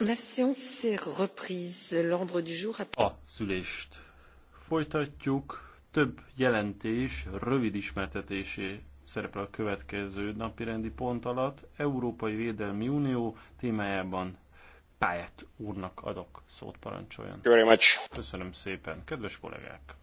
A szülést folytatjuk. Több jelentés rövid ismertetésé szerepel a következő napi rendi pont alatt. Európai Védelmi Unió témájában Pályát úrnak adok szót parancsoljon. Köszönöm szépen, kedves kollégák!